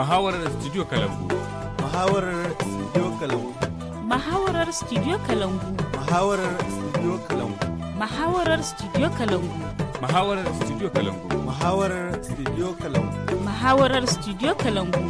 Mahawarar Studio Kalangu. Mahawarar Studio Kalangu. Mahawarar Studio Kalangu. Mahawarar Studio Kalangu. Mahawarar Studio Kalangu. Mahawarar Studio Kalangu. Mahawarar Studio Kalangu. Mahawarar Studio Kalangu.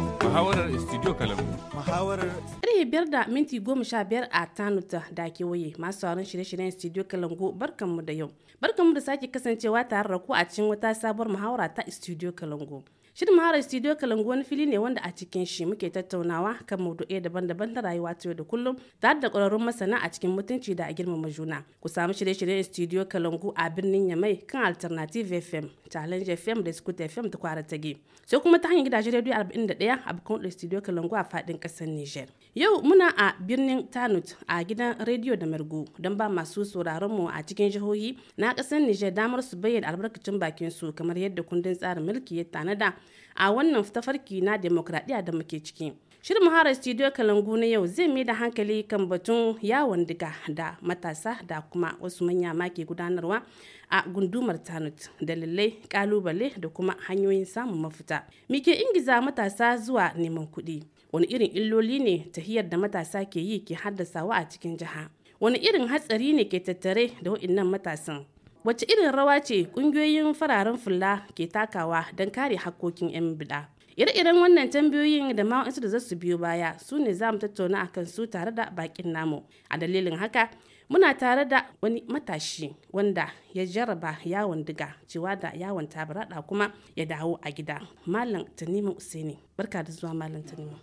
Mahawarar Studio Kalangu. Muhawarar Ƙarfe biyar da minti goma sha biyar a Tanuta da kewaye masu sauran shirye-shiryen Studio Kalangu barkanmu da yau. Barkanmu da sake kasancewa tare da ku a cikin wata sabuwar muhawara ta Studio Kalangu. Shirin Mahara Studio Kalangu wani fili ne wanda a cikin shi muke tattaunawa kan maudu'ai daban-daban na rayuwa ta yau da kullum tare da ƙwararrun masana a cikin mutunci da a girmama juna. Ku samu shirye-shiryen Studio Kalangu a birnin Yamai kan Alternative FM, Challenge FM da Scoot FM ta kwara tage. Sai kuma ta hanyar gidajen da 41 a bakon Studio Kalangu a faɗin ƙasar Niger. Yau muna a birnin Tanut a gidan rediyo da Margu don ba masu sauraron mu a cikin jihohi na ƙasar Niger damar su bayyana albarkacin bakin su kamar yadda kundin tsarin mulki ya tanada a wannan tafarki na demokradiyya da muke ciki. Shirin Muharar Studio Kalangu na yau zai mai da hankali kan batun yawon diga da matasa da kuma wasu manya make gudanarwa a gundumar Tanut lallai kalubale da kuma hanyoyin samun mafita. Mike ingiza matasa zuwa neman kuɗi. Wani irin illoli ne tahiyar da matasa ke yi ke haddasawa a cikin jiha. Wani irin hatsari ne ke tattare da waɗannan matasan. Wace irin rawa ce ƙungiyoyin fararen fulla ke takawa don kare hakkokin 'yan bida? Ire-iren wannan tambayoyin da ma da za su biyo baya su ne za mu tattauna a kan su tare da bakin namu. A dalilin haka, muna tare da wani matashi wanda ya jaraba yawon diga cewa da yawon tabarada kuma ya dawo a gida. Malam Tanimu Usaini. Barka da zuwa Malam Tanimu.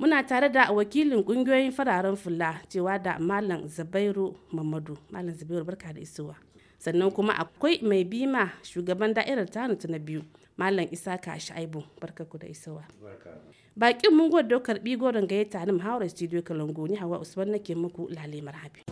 Muna tare da wakilin kungiyoyin fararen fulla cewa da Malam Zabairu Mamadu. Malam Zabairu barka da isowa. sannan kuma akwai mai bima shugaban da'irar ta na biyu malam isa isaka shaibu barka ku da isawa. bakin mun gwada karbi goron gayyata ni muhawarar studio kalangoni hawa usman nake muku lalimar marhabi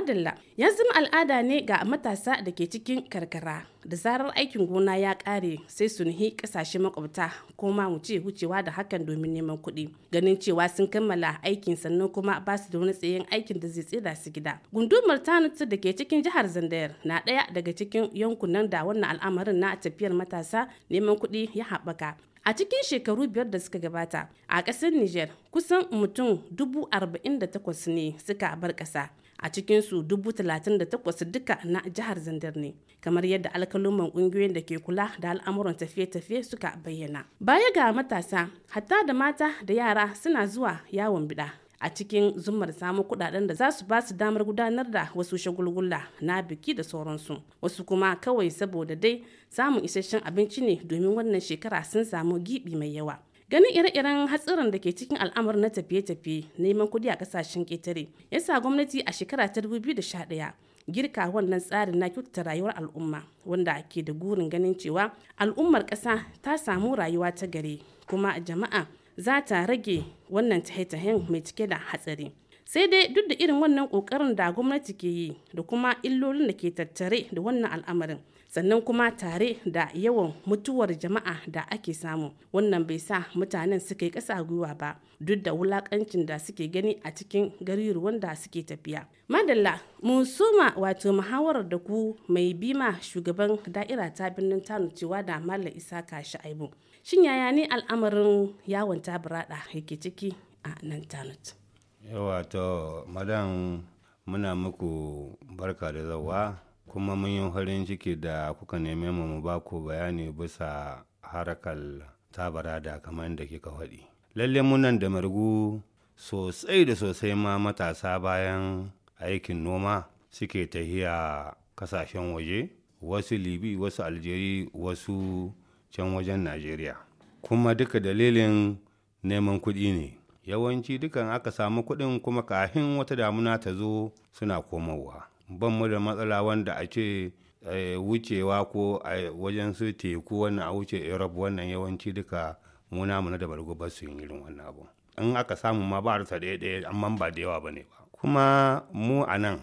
madalla yanzu al'ada ne ga matasa da ke cikin karkara da zarar aikin gona ya kare sai su nihi kasashe makwabta ko ma mu ce wucewa da hakan domin neman kuɗi ganin cewa sun kammala aikin sannan kuma ba su da wani tsayen aikin da zai tsira su gida gundumar tanutu da ke cikin jihar zandayar na ɗaya daga cikin yankunan da wannan al'amarin na tafiyar matasa neman kuɗi ya haɓaka a cikin shekaru biyar da suka gabata a ƙasar niger kusan mutum dubu arba'in da takwas ne suka bar ƙasa a cikin su dubu talatin da takwas duka na jihar zandar ne kamar yadda alkaluman ƙungiyoyin da ke kula da al'amuran tafiye-tafiye suka bayyana baya ga matasa hatta da mata da yara suna zuwa yawon bida a cikin zumar samun kudaden da za su ba su damar gudanar da wasu shagulgula na biki da sauransu wasu kuma kawai saboda dai samun isasshen abinci ne domin wannan shekara sun samu gibi mai yawa ganin ire-iren hatsarin da ke cikin al'amur na tafiye-tafiye neman kudi a kasashen ƙetare ya sa gwamnati a shekara ta 2011 girka wannan tsarin na kyautata rayuwar al'umma wanda ke da gurin ganin cewa al'ummar ƙasa ta samu rayuwa ta gare kuma jama'a za ta rage wannan tahe-tahen mai cike da hatsari sai dai duk da irin wannan ƙoƙarin da gwamnati ke yi da kuma illolin da ke tattare da wannan al'amarin sannan kuma tare da yawan mutuwar jama'a da ake samu wannan bai sa mutanen suka yi ƙasa gwiwa ba duk da wulakancin da suke gani a cikin gariruwan da suke tafiya madalla musuma wato muhawarar da ku mai bima shugaban da'ira ta birnin tano cewa da malam isaka sha'aibu shin yaya ne al'amarin yawon tabarada yake ciki a nan tanut yawa to muna muku barka da zawa kuma mun yi farin ciki da kuka neme mu mu ba ku bayani bisa harkar tabara da kamar da kika faɗi lalle munan da margu sosai da sosai ma matasa bayan aikin noma suke tahiya kasashen waje wasu libi wasu aljeri wasu can wajen najeriya kuma duka dalilin neman kuɗi ne yawanci dukan aka samu kuɗin kuma kahin wata damuna ta zo suna komowa ban mu da matsala wanda a ce eh, wucewa ko a wajen su teku wannan a wuce europe wannan yawanci duka muna mu na da bargo ba su yin irin wannan abu in aka samu ma ba rasa ɗaya ɗaya amma ba da yawa ba ne ba kuma mu a nan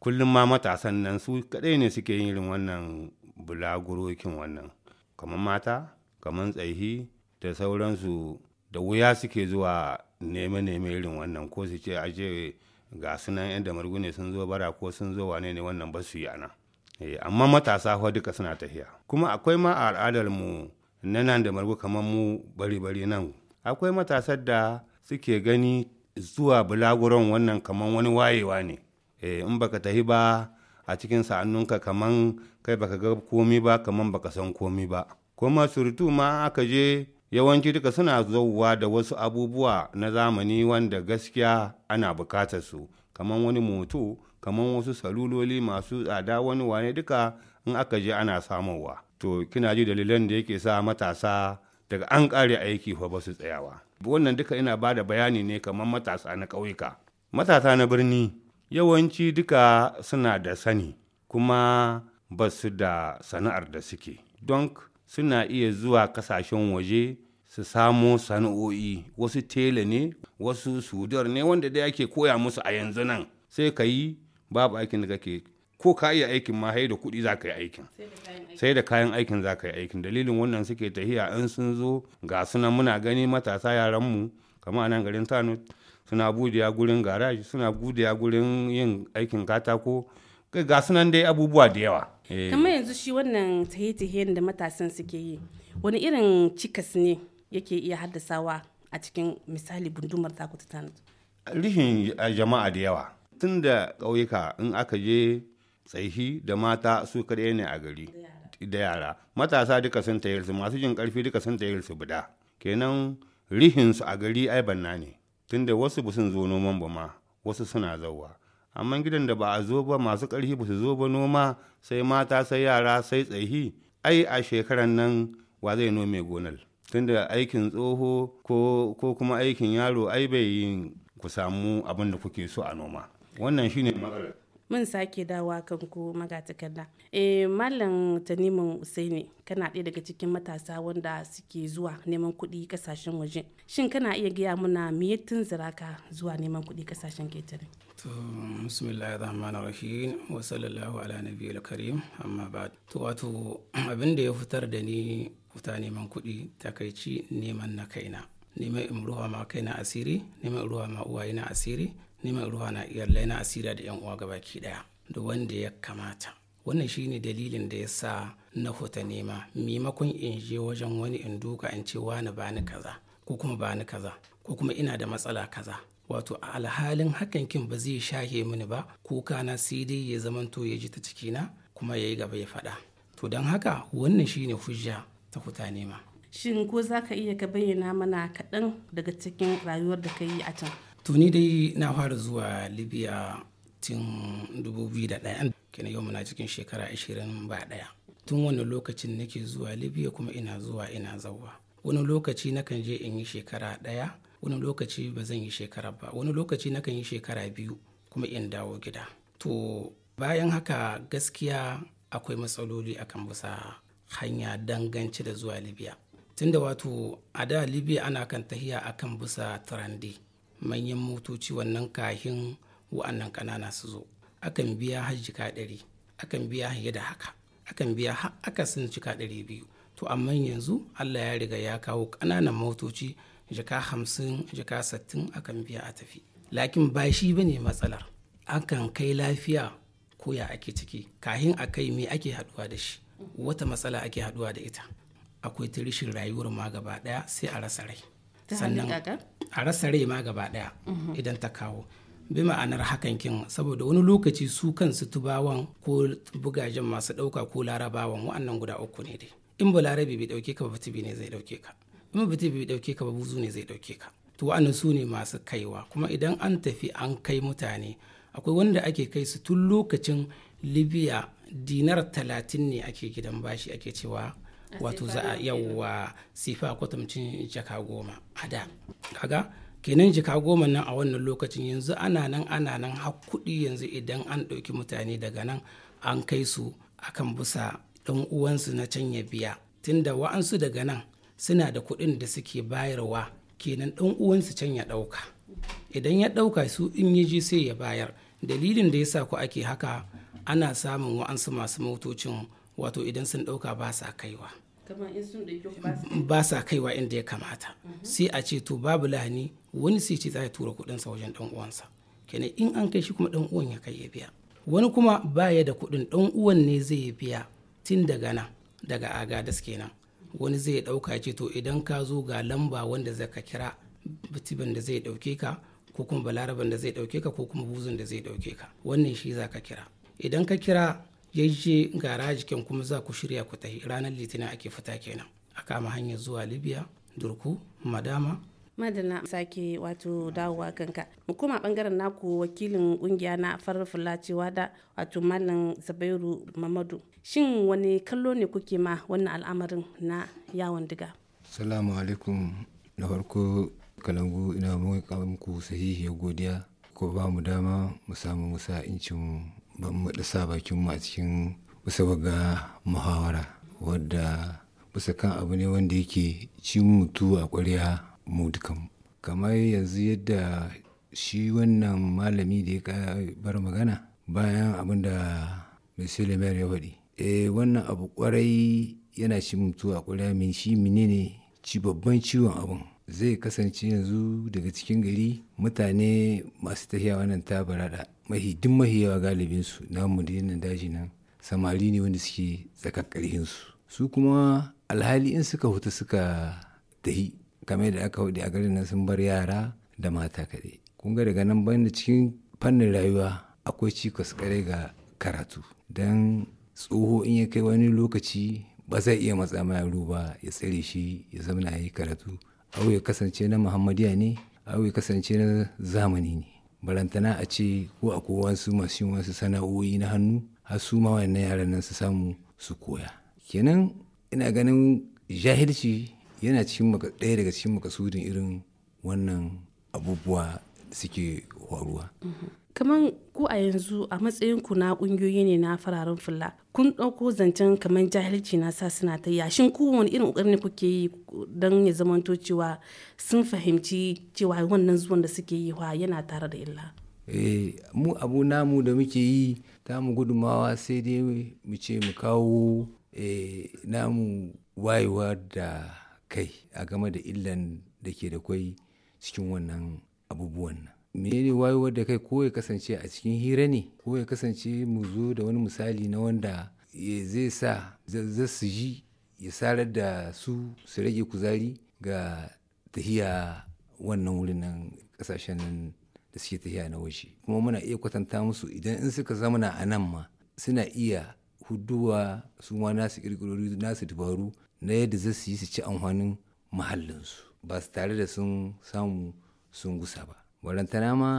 kullum ma matasan nan su kaɗai ne suke yin irin wannan bulagurokin wannan kamar mata kamar tsaihi da sauransu da wuya suke zuwa neme-neme irin wannan ko su ce aje ga sunan yan damargu ne sun zo bara ko sun zo wane ne wannan ba su yi ana eh, amma matasa fa duka suna tafiya kuma akwai ma a al'adar mu na nan da margu kamar mu bari bari nan akwai matasan da suke gani zuwa bulaguron wannan kamar wani wayewa ne eh, in baka tafi ba a cikin sa'annunka kaman kai baka ga komi ba kaman baka san komi ba kuma surutu ma aka je yawanci duka suna zauwa da wasu abubuwa na zamani wanda gaskiya ana bukatar su kamar wani moto kamar wasu saluloli masu tsada wani wane duka in aka je ana samowa to kina ji dalilan da yake sa matasa daga an kare aiki fa ba su tsayawa wannan duka ina ba da bayani ne kamar matasa na ƙauyuka matasa na birni yawanci duka suna da sani kuma ba su da sana'ar da suke don suna iya zuwa kasashen waje su samo sana'o'i wasu tela ne wasu sudar ne wanda dai ake koya musu a yanzu nan sai ka yi babu aikin da kake ko ka iya aikin ma da kuɗi za ka yi aikin sai da kayan aikin za ka yi aikin dalilin wannan suke tahiya in sun zo ga suna muna gani matasa yaranmu kamar nan garin tano suna budiya gurin garaji suna budiya gurin yin aikin katako ga sunan dai abubuwa da yawa Eh. kamar yanzu shi wannan tahiye-tahiyen da matasan suke yi wani irin cikas ne yake iya haddasawa a cikin misali gundumar taku ta tanatu rihin jama'a da yawa tun da ƙauyuka in aka je tsaihi da mata su kaɗai ne a gari da yara matasa duka sun tayar su masu jin ƙarfi duka sun tayar su buda kenan rihin su a gari ai banna ne tunda wasu ba sun zo noman ba ma wasu suna zauwa amma gidan da ba a zo ba masu ƙarfi ba su zo ba noma sai mata sai yara sai tsayi ai a shekaran nan wa zai nome gonar tunda aikin tsoho ko kuma aikin yaro ai bai ku samu abin da kuke so a noma wannan shine matsalar mun sake dawa kan ku magatakarda e mallam tanimin usaini kana ɗaya daga cikin matasa wanda suke zuwa neman kuɗi kasashen waje shin kana iya gaya muna miyattun ziraka zuwa neman kuɗi kasashen ketare to bismillahir rahmanir rahim wa sallallahu ala nabiyil karim amma ba to wato abin da ya fitar da ni fita neman kuɗi takaici neman na kaina neman in ruwa ma kaina asiri neman in ruwa ma uwaye na asiri Ni neman ruwa na iya laina asira da yan uwa gabaki daya da wanda ya kamata wannan shine dalilin da ya sa na huta nema maimakon in je wajen wani in duka in ce wani bani kaza ko kuma bani kaza ko kuma ina da matsala kaza wato a alhalin hakan kin ba zai shahe mini ba kuka na sai dai ya zamanto ya ji ta na? kuma ya yi gaba ya faɗa to don haka wannan shine hujja ta huta nema shin ko za ka iya ka bayyana mana kaɗan daga cikin rayuwar da ka yi a can tuni dai na fara zuwa libya tun 2001 Kina yau muna cikin shekara 20 ba daya tun wani lokacin nake zuwa libya kuma ina zuwa ina zauwa wani lokaci nakan je in yi shekara daya wani lokaci ba zan yi shekara ba wani lokaci nakan yi shekara biyu kuma in dawo gida to bayan haka gaskiya akwai matsaloli akan bisa hanya danganci da zuwa libya da wato a da libya ana kan tahiya akan bisa turandi manyan motoci wannan kahin wa'annan ƙanana su zo akan biya har jika ɗari akan biya fiye da haka akan biya har akasin jika ɗari biyu to amma yanzu allah ya riga ya kawo ƙananan motoci jika hamsin jika sattin akan biya a tafi lakin ba shi ba ne matsalar akan kai lafiya koya ake ciki kahin a kai me ake haɗuwa da shi wata matsala ake haɗuwa da ita akwai tirishin rayuwar ma gaba ɗaya sai a rasa rai sannan a rasa rai ma gaba daya idan ta kawo bi ma'anar hakan kin saboda wani lokaci su kansu tubawan ko bugajen masu ɗauka ko larabawan wa'annan guda uku ne dai in ba larabi bai ɗauke ka ba fitibi ne zai ɗauke ka in ba bai ɗauke ka ba buzu ne zai ɗauke ka to wa'annan su ne masu kaiwa kuma idan an tafi an kai mutane akwai wanda ake kai su tun lokacin libya dinar talatin ne ake gidan bashi ake cewa wato za a yawwa sifa kwatamcin jaka goma a da kaga kenan jaka goma nan a wannan lokacin yanzu ana nan ana nan har kuɗi yanzu idan an ɗauki mutane daga nan an kai su akan bisa ɗan uwansu na can ya biya tunda wa'ansu daga nan suna da kuɗin da suke bayarwa kenan ɗan uwansu can ya ɗauka idan ya ɗauka su in yi ji sai ya bayar dalilin da ya sa ku ake haka ana samun wa'ansu masu motocin wato idan sun ɗauka ba sa kaiwa ba sa kaiwa inda ya kamata mhm. sai a ce to babu lahani wani sai ce za ya tura kuɗinsa wajen ɗan uwansa kenan in an kai shi kuma ɗan uwan ya kai ya biya wani kuma ba ya da kuɗin ɗan uwan ne zai biya tun daga nan daga agadas kenan wani zai ɗauka ce to idan ka zo ga lamba wanda zai ka kira bitibin da zai ɗauke ka ko kuma balaraban da zai ɗauke ka ko kuma buzun da zai ɗauke ka wannan shi za ka kira idan ka kira ya je gara jikin kuma za ku shirya ku tafi ranar litinin ake fita kenan a kama hanyar zuwa libya durku madama madana sake wato dawowa kanka mu koma bangaren naku wakilin kungiya na farar fulacewa da wato mallam zabairu mamadu shin wani kallo ne kuke ma wannan al'amarin na yawon diga salamu alaikum da farko kalangu ina muku sahihiyar godiya ko ba mu dama mu samu musa incin ban mu sa bakin mu a cikin bisa baga muhawara wadda bisa kan abu ne wanda yake ci mutu a ƙwarya mu dukan kamar yanzu yadda shi wannan malami da ya bar magana bayan abin da monsieur ya faɗi eh wannan abu kwarai yana ci mutu a ƙwarya min shi menene ci babban ciwon abin zai kasance yanzu daga cikin gari mutane masu tafiya wannan ta barada mahi duk mahi yawa galibin su na daji nan samari ne wanda suke tsakakkarhin su su kuma alhali in suka huta suka tahi kame da aka hudu a garin nan sun bar yara da mata kaɗai kun ga daga nan bayan da cikin fannin rayuwa akwai cikas kare ga karatu dan tsoho in ya kai wani lokaci ba zai iya matsa ma yaro ba ya tsare shi ya zama na yi karatu au kasance na muhammadiya ne au kasance na zamani ne barantana a ce ko a wasu masu yin wasu sana'o'i na hannu har su ma wannan yaran nan su samu su koya kenan ina ganin jahilci yana cikin ɗaya daga cikin makasudin irin wannan abubuwa suke faruwa kamar ku a yanzu a matsayin ku na kungiyoyi ne na fararen fulla kun ɗauko zancen kamar jahilci na sa suna ta yashin ku wani irin ƙoƙarin kuke yi don ya zamanto cewa sun fahimci cewa wannan zuwan da suke yi wa yana tare da illa eh mu abu namu da muke yi ta mu gudumawa sai dai mu ce mu kawo eh, namu wayewa da kai a game da illan da ke da kwai cikin wannan abubuwan nan menene wayewar da kai ko ya kasance a cikin hira ne ko ya kasance mu zo da wani misali na wanda zai sa za su ji ya sarar da su su rage kuzari ga tahiya wannan wurin nan kasashen da suke tahiya na waje kuma muna iya kwatanta musu idan in suka zamana a nan ma suna iya huduwa su ma nasu kirkirori nasu dabaru na yadda za su yi su ci amfanin mahallinsu ba su tare da sun samu sun gusa ba barantana ma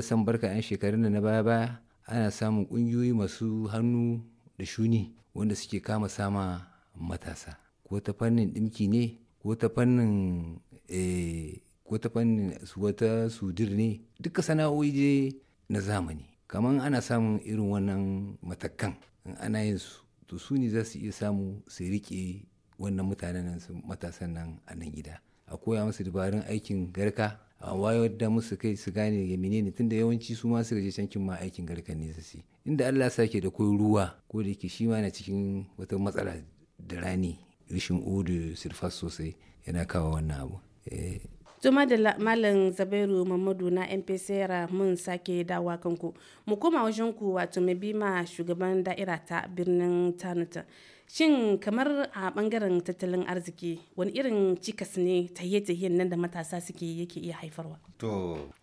san barka 'yan shekarun da na baya baya ana samun ƙungiyoyi masu hannu da shuni wanda suke kama sama matasa ko ta fannin ɗimki ne ko ta fannin eh, ko ta fannin wata sudir ne duka sana'o'i je na zamani kamar ana samun irin wannan matakan in ana yin su to su ne za su iya samu su riƙe wannan mutanen matasan nan a nan gida a koya musu dabarun aikin garka a wayar da musu kai su gane ya menene tunda yawanci su ma suka je cankin ma aikin garkan nesa su inda Allah sake da koyi ruwa ko da yake shi ma na cikin wata matsala da rani rishin odu sirfas sosai yana kawo wannan abu zuma eh. da Malam Zabairu Mamadu na MPCRA mun sake dawa kanku. Mu koma wajen ku wato mai bima shugaban da'ira ta birnin Tanuta. shin kamar a bangaren tattalin arziki wani irin cikas ne tahiye-tahiyen nan da matasa suke yake iya haifarwa to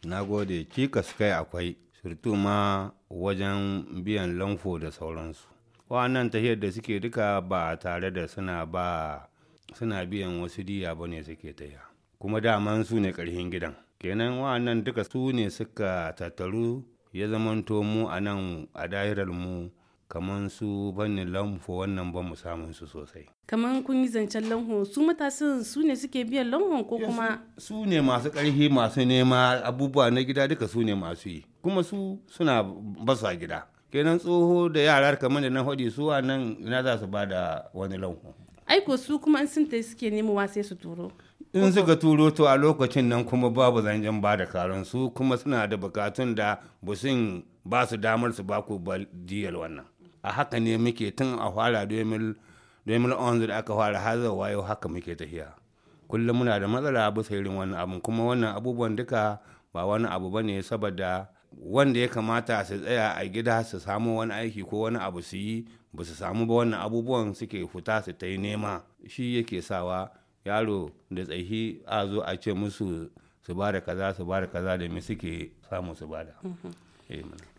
na gode cikas kai akwai surtu ma wajen biyan lamfo da sauransu wa'annan tahiyar da suke duka ba tare da suna ba suna biyan wasu diya ba ne suke taya kuma daman su ne ƙarfin gidan kenan wa'annan duka su ne suka tattaru ya zamanto mu a nan a dahirar mu kamar su bannin lamfo wannan ba mu samun su sosai kamar kun yi zancen lanho su matasa su ne suke biyan lanhon ko kuma su ne masu ƙarfi masu nema abubuwa na gida duka su ne masu yi kuma su suna basa gida kenan tsoho da yara kamar da na hodi su a nan ina za su ba da wani lanho aiko su kuma an sun suke nemowa sai su turo in suka turo to a lokacin nan kuma babu zanjan ba da karon su kuma suna da bukatun da busin ba su damar su ba ku diyal wannan a haka ne muke tun a fara 2011 da aka fara har zuwa yau haka muke tafiya kullum muna da matsala bisa irin wannan abun kuma wannan abubuwan duka ba wani abu ba ne saboda wanda ya kamata su tsaya a gida su samu wani aiki ko wani abu su yi ba su samu ba wannan abubuwan suke fita su ta yi nema shi yake sawa yaro da tsaihi a zo a ce musu su ba kaza su bada kaza da me suke samu su bada. Mm-hmm.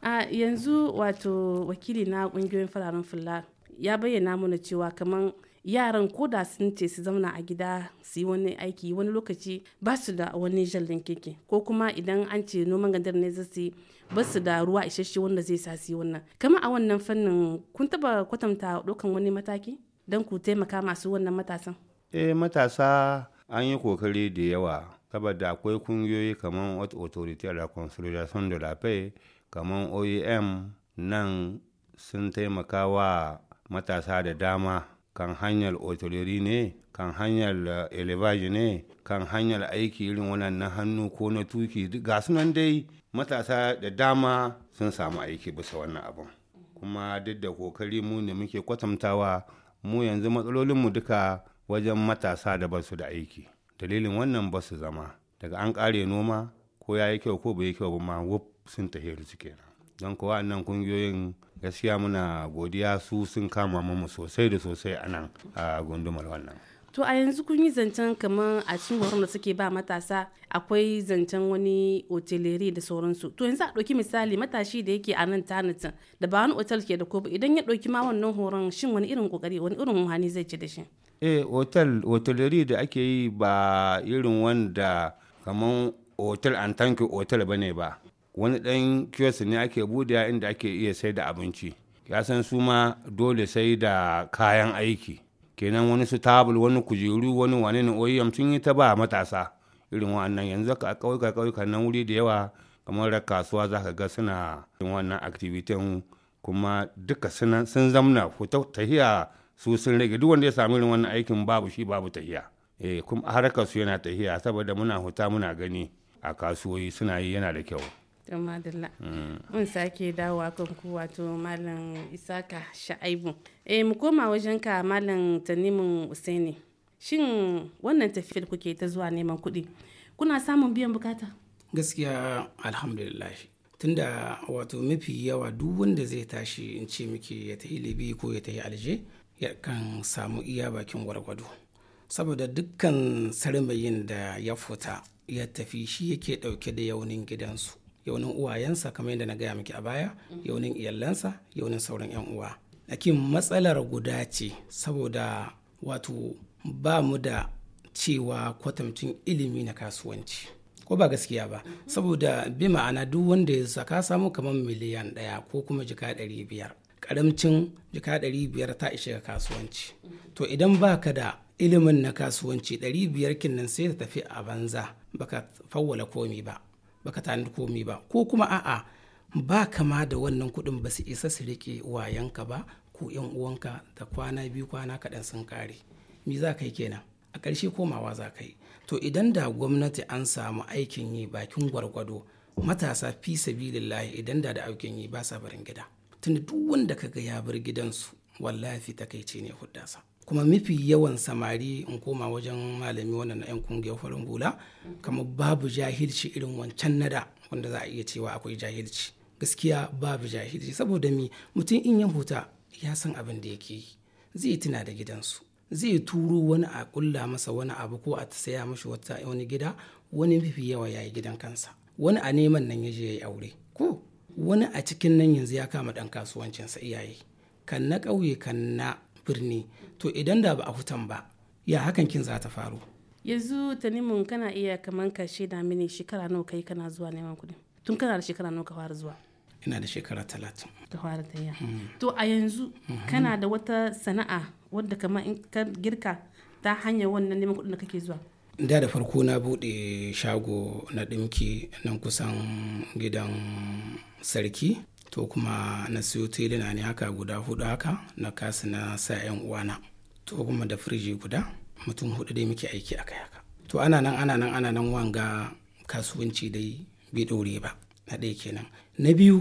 a yanzu wato wakili na kungiyoyin fararen fulla ya bayyana mana cewa kamar yaran ko da sun ce su zauna a gida su yi wani aiki wani lokaci ba su da wani jallin keke ko kuma idan an ce noman gandar ne zai ba su da ruwa isasshe wanda zai sa su yi wannan kamar a wannan fannin kun taba kwatanta dokan wani mataki don ku taimaka masu wannan matasan eh matasa an yi kokari da yawa saboda akwai kungiyoyi kamar autorité da consolidation de la paix kamar oem nan sun taimaka wa matasa da dama kan hanyar otoleri ne kan hanyar eh, elevage ne kan hanyar aiki irin wannan na hannu ko na tuki ga sunan dai matasa da dama sun samu aiki bisa wannan abin kuma duk da kokari mu ne muke kwatantawa mu yanzu matsalolinmu duka wajen matasa da basu da aiki dalilin wannan ba su zama daga an kare noma ko ya yi kyau ko bai yi kyau ba ma wuf sun tafi su kenan don kuwa annan kungiyoyin gaskiya muna godiya su sun kama mamu sosai da sosai a nan a gundumar wannan to a yanzu kun yi zancen kamar a cikin horon da suke ba matasa akwai zancen wani otelere da sauransu to yanzu a ɗauki misali matashi da yake a nan tanatin da ba wani otel ke da ko idan ya ɗauki ma wannan horon shin wani irin kokari wani irin wani zai ci da shi eh otel otelere da ake yi ba irin wanda kamar otel an tanki otel ba ne ba wani dan kiosk ne ake buɗe inda ake iya sai da abinci ya san su ma dole sai da kayan aiki kenan wani su tabul wani kujeru wani wane ne e sun yi ta ba matasa irin wannan yanzu ka kauyuka kauyuka nan wuri da yawa kamar kasuwa za ka ga suna yin wannan activity kuma duka sun zamna fita tahiya su sun rage duk wanda ya samu irin wannan aikin babu shi babu tahiya eh kuma harkar su yana tahiya saboda muna huta muna gani a kasuwoyi suna yi yana da kyau to mm. mun sake dawowa kan ku wato malam isaka sha'aibu eh mu koma wajen ka malam tanimin usaini shin wannan tafiyar kuke ta zuwa neman kuɗi kuna samun biyan bukata gaskiya alhamdulillah tunda wato mafi yawa duk wanda zai tashi in ce muke ya tafi libi ko ya tafi alje ya kan samu iya bakin gwargwado saboda dukkan sarmayin da ya fota ya tafi shi yake ɗauke da yaunin gidansu yaunin uwayensa kamar yadda na gaya miki a baya yaunin iyalansa yaunin sauran 'yan uwa lakin matsalar guda ce saboda wato ba mu da cewa kwatamcin ilimi na kasuwanci ko ba gaskiya ba saboda bi ma'ana duk wanda ya ka samu kamar miliyan ɗaya ko kuma jika ɗari biyar karamcin jika ɗari biyar ta ishe ga kasuwanci to idan baka da ilimin na kasuwanci ɗari biyar kinnan sai ta tafi a banza baka fawwala komi ba baka tanadi komi ba ko kuma a'a ba kama da wannan kuɗin ba su isa su rike wayanka ba ko yan uwanka da kwana biyu kwana kaɗan sun kare me za ka yi kenan a ƙarshe komawa za ka yi to idan da gwamnati an samu aikin yi bakin gwargwado matasa fi sabilillahi idan da da aikin yi ba sa barin gida tunda duk wanda ka ga ya bar gidansu wallahi takaice ne huddasa kuma mafi yawan samari in koma wajen malami wannan na 'yan kungiyar farin hula kamar babu jahilci irin wancan nada wanda za a iya cewa akwai jahilci gaskiya babu jahilci saboda mi mutum in ya huta ya san abin da yake yi zai tuna da gidansu zai turo wani a kulla masa wani abu ko a saya mashi wata wani gida wani mafi yawa ya yi gidan kansa wani a neman nan ya je ya yi aure ko wani a cikin nan yanzu ya kama dan kasuwancinsa iyaye kan na ƙauye kan na birni to idan da ba a hutan ba ya hakan kin za ta faru yanzu tanimun kana iya kaman ka shaida mini shekara nawa kai kana zuwa neman kuɗi tun kana da shekara nawa ka fara zuwa ina da shekara talatin ka fara tayya mm-hmm. to a yanzu mm-hmm. kana da wata sana'a wadda kamar in ka girka ta hanyar wannan neman kuɗin da kake zuwa da da farko na bude shago na dinki nan kusan gidan sarki to kuma na siyo teluna ne haka guda hudu haka na kasa na sa yan uwana to kuma da firiji guda mutum hudu dai muke aiki akai haka to ana nan ana nan ana nan wanga kasuwanci dai bai ɗore ba na ɗaya kenan na biyu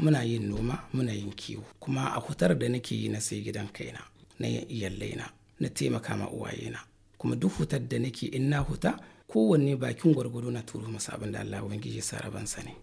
muna yin noma muna yin kiwo kuma a hutar da nake yi na sai gidan kaina na iyallaina na taimaka ma uwayena kuma duk hutar da nake in na huta kowanne bakin gwargwado na turo masa abin da Allah ubangiji ya sa rabansa ne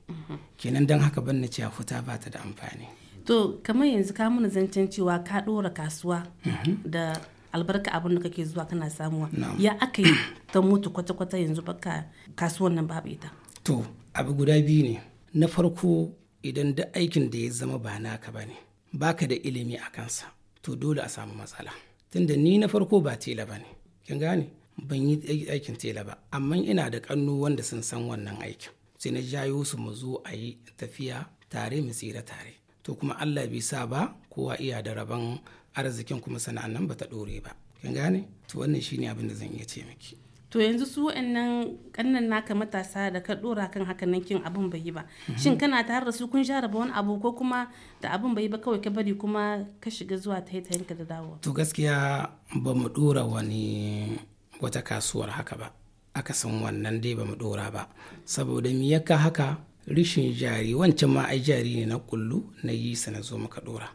kenan dan haka ban na a fita ba ta da amfani to kamar yanzu ka mana zancen cewa ka dora kasuwa mhm. da albarka abin da kake zuwa kana samuwa ya aka yi ta mutu kwata-kwata yanzu baka kasuwan nan babu ita to abu guda biyu ne na farko idan da aikin da ya zama ba naka ba ne baka da ilimi a kansa to dole a samu matsala tunda ni na farko ba tela ba ne kin gane ban yi aikin tela ba amma ina da kannu wanda sun san wannan aikin sai na jayo su mu zo a yi tafiya tare mu tsira tare to kuma Allah bai sa ba kowa iya da rabon arzikin kuma sana'an nan bata dore ba kin gane to wannan shine abin da zan iya ce miki to yanzu su wa'annan kannan naka matasa da ka dora kan hakan nan kin abin bai yi ba mhm. shin kana tare da su kun sha raba wani abu ko kuma da abin bai yi ba kawai ka bari kuma ka shiga zuwa ta da dawowa to gaskiya ba mu dora wani wata kasuwar haka ba aka san wannan dai ba mu dora ba saboda mi yaka haka rishin jari wancan ma ai jari ne na kullu na yi sa na zo maka dora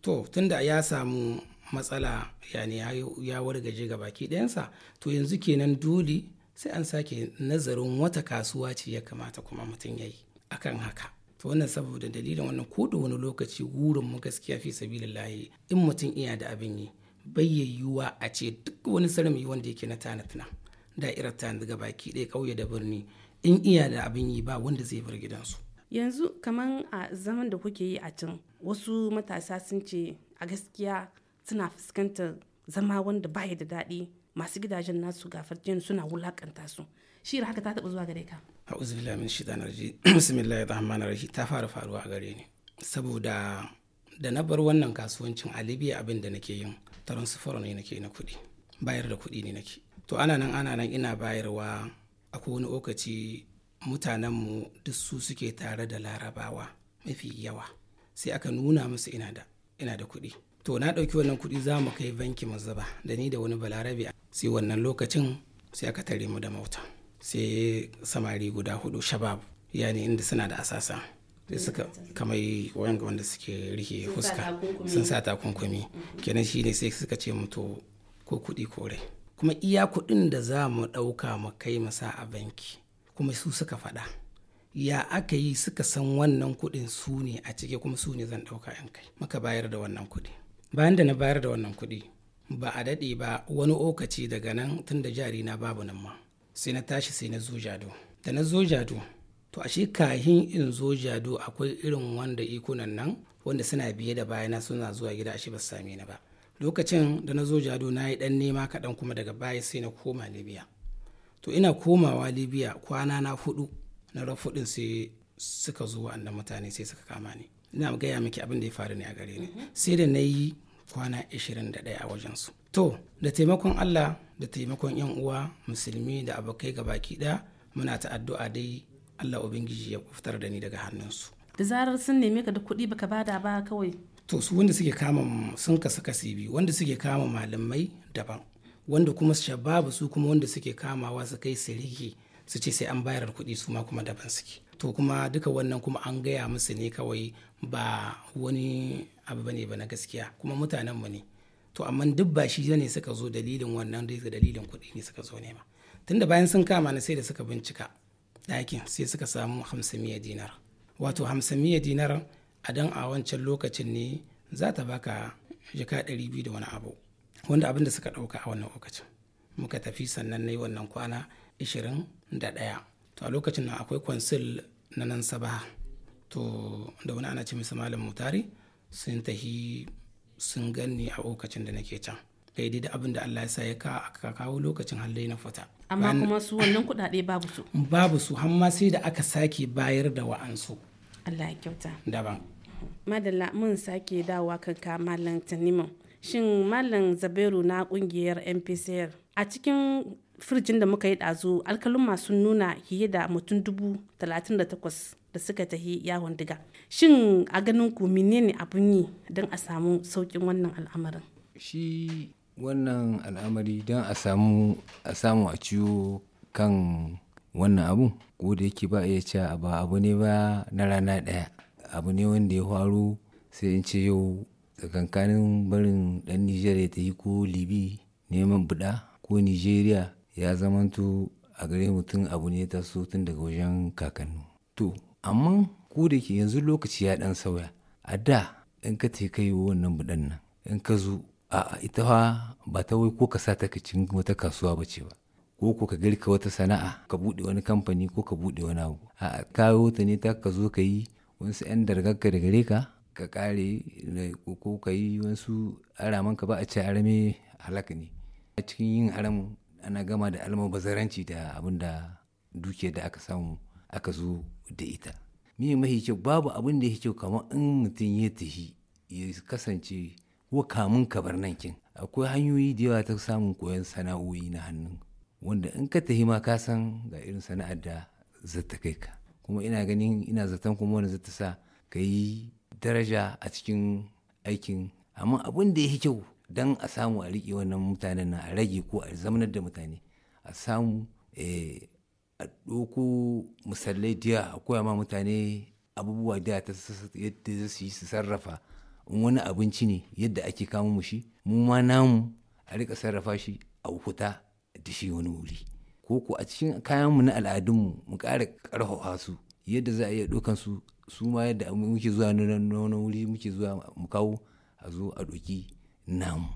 to tunda ya samu matsala yani ya wargaje ga baki ɗayansa to yanzu kenan dole sai an sake nazarin wata kasuwa ce ya kamata kuma mutum ya yi akan haka to wannan saboda dalilin wannan ko da wani lokaci wurin mu gaskiya fi sabilillahi in mutum iya da abin yi bayyayuwa a ce duk wani sarmi wanda yake na da da'irar ta daga baki ɗaya kauye da birni in iya da abin yi ba wanda zai bar gidansu yanzu kamar a zaman da kuke yi a can wasu matasa sun ce a gaskiya suna fuskantar zama wanda baya da daɗi masu gidajen nasu gafarjin suna wulakanta su shi haka ta taɓa zuwa gare ka a'udhu billahi min shaitanir rajim bismillahir rahmanir rahim ta fara faruwa a gare ni saboda da na bar wannan kasuwancin a libya abin da nake yin transfer ne nake na kuɗi bayar da kuɗi ne nake to ana nan ana nan ina bayarwa a wani lokaci mutanenmu duk su suke tare da larabawa mafi yawa sai aka nuna musu ina da ina da kuɗi to na ɗauki wannan kuɗi za mu kai banki mu zuba da ni da wani balarabe sai wannan lokacin sai aka tare mu da mota sai samari guda hudu shabab yani inda suna da asasa sai suka kamai wanga wanda suke rike fuska sun sa takunkumi mm-hmm. kenan shi ne sai suka ce mutu ko kuɗi ko kuma iya kuɗin da za mu ɗauka mu kai mu a banki kuma su suka faɗa ya aka yi suka san wannan kuɗin su ne a cike kuma su ne zan ɗauka yan kai maka bayar da wannan kuɗi bayan da na bayar da wannan kuɗi ba a daɗe ba wani lokaci daga nan tun da jari na babu nan ma sai na tashi sai na zo jado da na zo jado to ashe kahin in zo jado akwai irin wanda ikunan nan wanda suna biye da bayana suna zuwa gida ashe ba su same ni ba lokacin da na zo jado na yi dan nema kaɗan kuma daga baya sai na koma libya to ina komawa libya kwana na hudu na rafudin sai suka zo wa'annan mutane sai suka kama ni ina gaya miki abin da ya faru ne a gare ni mm-hmm. sai da na yi kwana 21 a wajensu to da taimakon allah da taimakon yan uwa musulmi da abokai ga baki ɗaya muna ta addu'a dai Allah ubangiji ya kuftar da ni daga hannunsu da zarar sun neme ka da kuɗi baka bada ba kawai to su wanda suke kama sun kasu kasi biyu wanda suke kama malamai daban wanda kuma shababu su kuma wanda suke kamawa su kai rike su ce sai an bayar da kuɗi su ma kuma daban suke to kuma duka wannan kuma an gaya musu ne kawai ba wani abu bane ba na gaskiya kuma mutanenmu ne to amma duk ba shi ne suka zo dalilin wannan da dalilin kuɗi ne suka zo ne tunda bayan sun kama na sai da suka bincika ɗakin sai suka samu hamsamiya dinar wato hamsamiya dinar a dan a wancan lokacin ne za ta baka jika ɗari biyu da wani abu wanda abin da suka ɗauka a wannan lokacin muka tafi sannan na yi wannan kwana ishirin da ɗaya to a lokacin nan akwai kwansil na nan saba to da wani ana ce masa malam mutari sun tafi sun ganni a lokacin da nake can daidai da abin da Allah ya sa ya ka aka kawo lokacin halle na fita amma kuma su wannan kuɗaɗe babu su babu su hamma sai da aka sake bayar da wa'ansu Allah ya kyauta daban madalla mun sake dawowa kanka malam tanimu shin malam zaberu na kungiyar mpcr a cikin firjin da muka yi ɗazu alkalin sun nuna hiye da mutum dubu talatin da takwas da suka tafi yawon diga shin a ganin ku menene abun yi don a samu sauƙin wannan al'amarin shi wannan al'amari don a samu a ciwo kan wannan abun ko da yake ba iya cewa ba abu ne ba na rana ɗaya abu ne wanda ya faru sai in ce yau tsakankanin barin ɗan nijar ya yi ko libi neman buɗa ko nigeria ya zamanto a gare mutum abu ne ta so tun daga wajen kakanni to amma ko da yake yanzu lokaci ya ɗan sauya a da in ka te kai wannan buɗan nan in ka zo a'a ita fa ba ta wai ko ka sa ta ka cikin wata kasuwa ba ce ba ko ko ka girka wata sana'a ka buɗe wani kamfani ko ka buɗe wani abu a'a kawo ta ne ta ka zo ka yi wasu 'yan dargarka da gare ka ka kare ko ka yi wasu araman ka ba a ce arame halaka ne a cikin yin aram ana gama da bazaranci da abin da dukiyar da aka samu aka zo da ita me mahi kyau babu abin da ya kyau kamar in mutum ya tafi ya kasance wa kamun ka bar nan kin akwai hanyoyi da yawa ta samun koyon sana'o'i na hannu wanda in ka tahima ma ka san ga irin sana'ar da za kai ka kuma ina ganin ina zaton kuma wanda zata sa ka yi daraja a cikin aikin amma abin da ya kyau don a samu a riƙe wannan mutanen na a rage ko a zamanar da mutane a samu eh, a ɗoko misalai da a koya ma mutane abubuwa da ta yadda su yi su sarrafa in wani abinci ne yadda ake kama mu shi mu ma namu a rika sarrafa shi a huta da shi wani wuri ko ko a cikin kayan mu na al'adunmu mu ƙara ƙarfafa su yadda za a iya ɗaukan su su ma yadda muke zuwa na wani wuri muke zuwa mu kawo a zo a ɗoki namu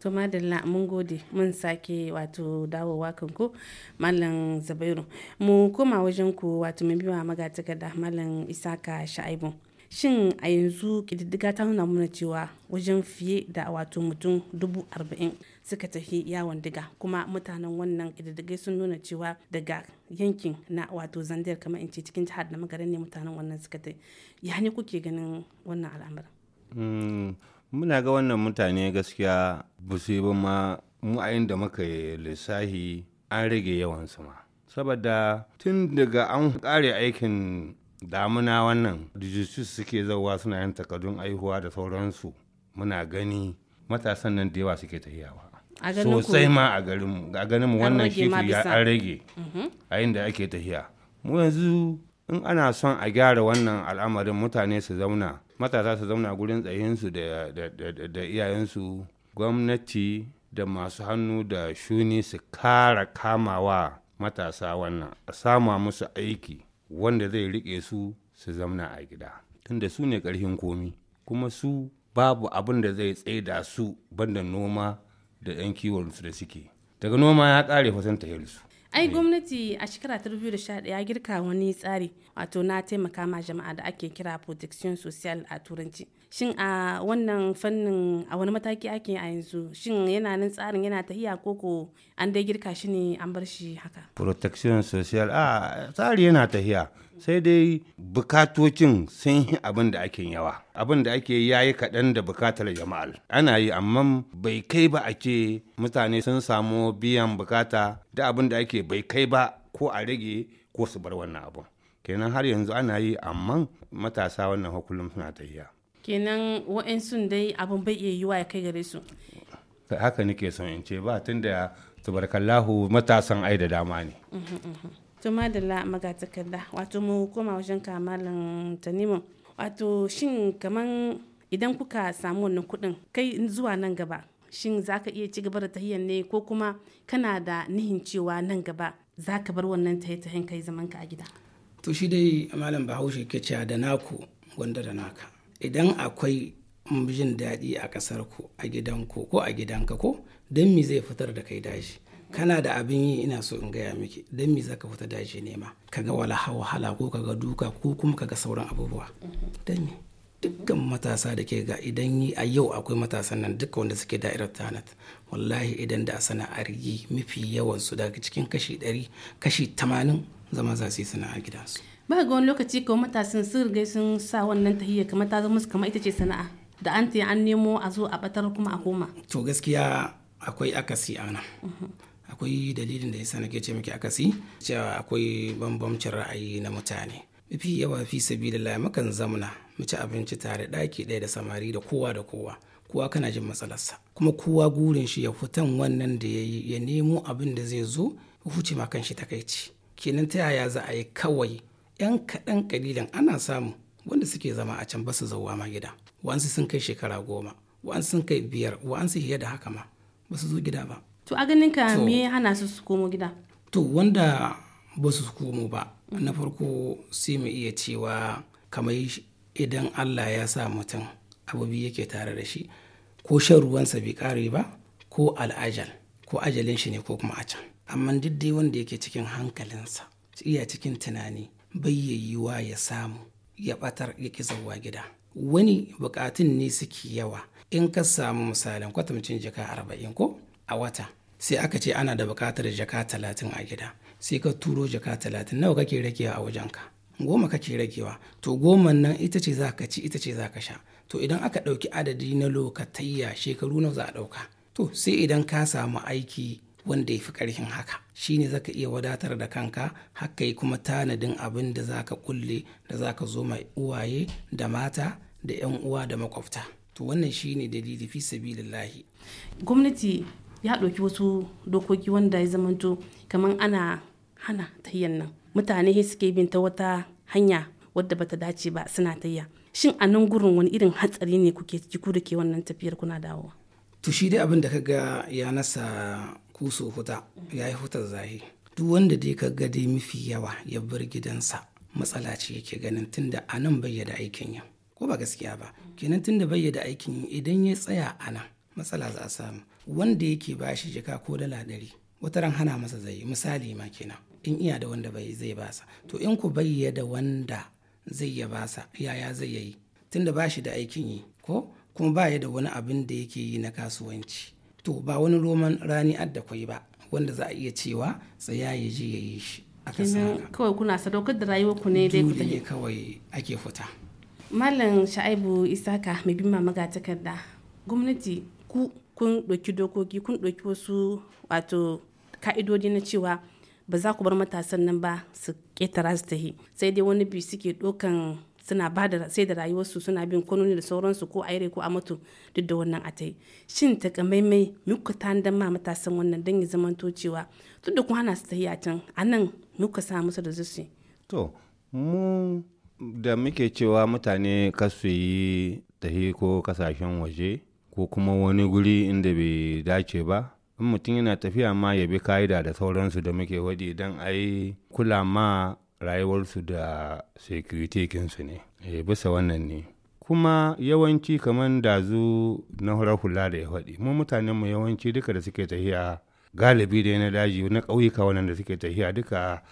to madalla mun gode mun sake wato dawowa kanku mallam zabairu mu koma wajen ku wato mai biwa magatakarda mallam isaka sha'ibu shin a yanzu ƙididdiga ta nuna muna cewa wajen fiye da wato mutum dubu arba'in suka tafi yawon diga kuma mutanen wannan ƙididdigai sun nuna cewa daga yankin na wato zandar kamar in ce cikin jihar da magarin ne mutanen wannan suka tafi ya ne kuke ganin wannan al'amar hmm, muna ga wannan mutane gaskiya ba su yi ba ma mu a inda muka lissahi an rage yawan sama saboda tun daga an kare aikin damuna wannan dijisus suke zauwa suna yin takardun aihuwa da sauransu muna gani matasan nan da yawa suke tahiyawa sosai ma a garinmu a ganinmu wannan shifi ya an rage mm-hmm. a inda ake tahiya mu yanzu in ana son a gyara wannan al'amarin mutane su zauna matasa su zauna gurin tsayinsu da iyayensu gwamnati da masu hannu da shuni su kara kamawa matasa wannan a sama musu aiki wanda zai riƙe su su zamna a gida tunda su ne ƙarfin komi kuma su babu abin da zai tsaida su banda noma da yan kiwon su da suke daga noma ya ƙare kusan ta su ai eh. gwamnati a shekara ta 2011 ya girka wani tsari wato na taimaka ma jama'a da ake kira protection social a turanci shin a wannan fannin a wani mataki ake a yanzu shin yana nan tsarin yana tafiya koko an dai girka shi ne an bar shi haka protection social a tsari yana tafiya sai dai bukatocin sun yi abin da ake yawa abin da ake yayi kaɗan da bukatar jama'al ana yi amma bai kai ba a ce mutane sun samu biyan bukata da abin da ake bai kai ba ko a rage ko su bar wannan abun kenan har yanzu ana yi amma matasa wannan hukulun suna tafiya. kenan wayansu dai abin bai iya yiwa ya kai gare su haka nake son in ce ba tun da tubarkallahu matasan ai da dama ne mhm, mhm. to madalla magatakalla wato mu koma wajen kamalin tanimu wato shin kaman idan kuka samu wannan kuɗin kai zuwa nan gaba shin za ka iya ci gaba da tahiyan ne ko kuma kana da nihin cewa nan gaba za ka bar wannan tahiyyar kai zaman ka a gida to shi dai malam bahaushe ke cewa da naku gwanda da naka idan akwai jin daɗi a ƙasar ku a gidanku ko a gidanka ko don me zai fitar da kai daji kana da abin yi ina so in gaya miki don me zaka fita daji nema kaga wala wahala ko kaga duka ko kuma kaga sauran abubuwa don me dukkan matasa da ke ga idan yi a yau akwai matasan nan duka wanda suke da'irar tanat wallahi idan da sana'ar yi mafi yawan su daga cikin kashi ɗari kashi 80 zama za su yi sana'ar gidansu ba ga lokaci ko matasan sun rigai sun sa wannan tahiyya kamar ta zama kamar ita ce sana'a da an an nemo a zo a batar kuma a koma to gaskiya akwai akasi a nan akwai dalilin da yasa nake ce miki akasi cewa akwai bambamcin ra'ayi na mutane fi yawa fi sabilillah makan zamna mu ci abinci tare daki ɗaya da samari da kowa da kowa kowa kana jin matsalarsa kuma kowa gurin shi ya fitan wannan da ya yi ya nemo abin da zai zo huce ma kan shi takaici kenan ta yaya za a yi kawai 'yan kaɗan kalilan ana samu wanda suke zama a can su zauwa ma gida wa'ansu sun kai shekara goma wa'ansu sun kai biyar wa'ansu fiye da haka ma ba su zo gida ba to a ganin ka me hana su su komo gida to wanda ba su komo ba na farko sai mu iya cewa kamar idan Allah ya sa mutum abubi yake tare da shi ko shan ruwansa bai kare ba ko al'ajal ko ajalin shi ne ko kuma a can amma duk dai wanda yake cikin hankalinsa iya cikin tunani bayyayiwa ya samu ya batar ya ki zauwa gida wani bukatun ne suke yawa in ka samu misalin kwatancin jaka arba'in ko a wata sai aka ce ana da bukatar jaka talatin a gida sai ka turo jaka talatin nawa kake ragewa a wajenka goma kake ragewa to goma nan ita ce za ka ci ita ce za ka sha to idan aka ɗauki adadi na lokatayya shekaru nawa za a ɗauka to sai idan ka samu aiki wanda ya fi ƙarfin haka shi shine zaka iya wadatar da kanka haka yi kuma tanadin abin da za ka kulle da za ka zo mai uwaye da mata da 'yan uwa da makwabta to wannan shine dalili fi sabilillahi gwamnati ya ɗauki wasu dokoki wanda ya zamanto kamar ana hana tayyan nan mutane suke bin ta wata hanya wadda bata dace ba suna tayya shin a nan gurin wani irin hatsari ne kuke ciki da ke wannan tafiyar kuna dawowa to shi dai abin da ka ga ya nasa ko so huta ya yi hutar zahi duk wanda dai ka ga dai mafi yawa ya bar gidansa matsala ce yake ganin tunda a nan bayyada aikin yin ko ba gaskiya ba kenan tunda bayyada aikin yin idan ya tsaya a nan matsala za a samu wanda yake ba shi jika ko dala ɗari wata ran hana masa zai misali ma kenan in iya da wanda bai zai basa to in ku bayyada wanda zai ya basa yaya zai yi tunda ba shi da aikin yi ko kuma ba ya da wani abin da yake yi na kasuwanci to ba wani roman rani adda kwai ba wanda za a iya cewa tsaya ya yayi ya yi shi kawai kuna sadaukar da rayuwar ku ne dai kawai ake fita malam sha'ibu isaka mai bin mamaga takarda gwamnati ku kun ɗauki dokoki kun ɗauki wasu wato ka'idodi na cewa ba za ku bar matasan nan ba su ƙetara su tahi sai dai wani biyu suke ɗaukan suna ba da sai da rayuwarsu suna bin kwanoni da sauransu ko a ko a mutu duk da wannan a tai shin ta takamaimai muka dan ma matasan wannan dan ya zamanto cewa duk da kun hana su tahiya can a nan muka sa musu da zuci. to mu da muke cewa mutane su yi tahi ko kasashen waje ko kuma wani guri inda bai dace ba in mutum yana tafiya ma ya bi ka'ida da sauransu da muke waje don yi kula ma rayuwarsu da security kinsu ne e, bisa wannan ne kuma yawanci kamar dazu na hula da ya faɗi mu mutanen mu yawanci duka da suke tahiya galibi da na daji na ƙauyuka wannan da suke tahiya duka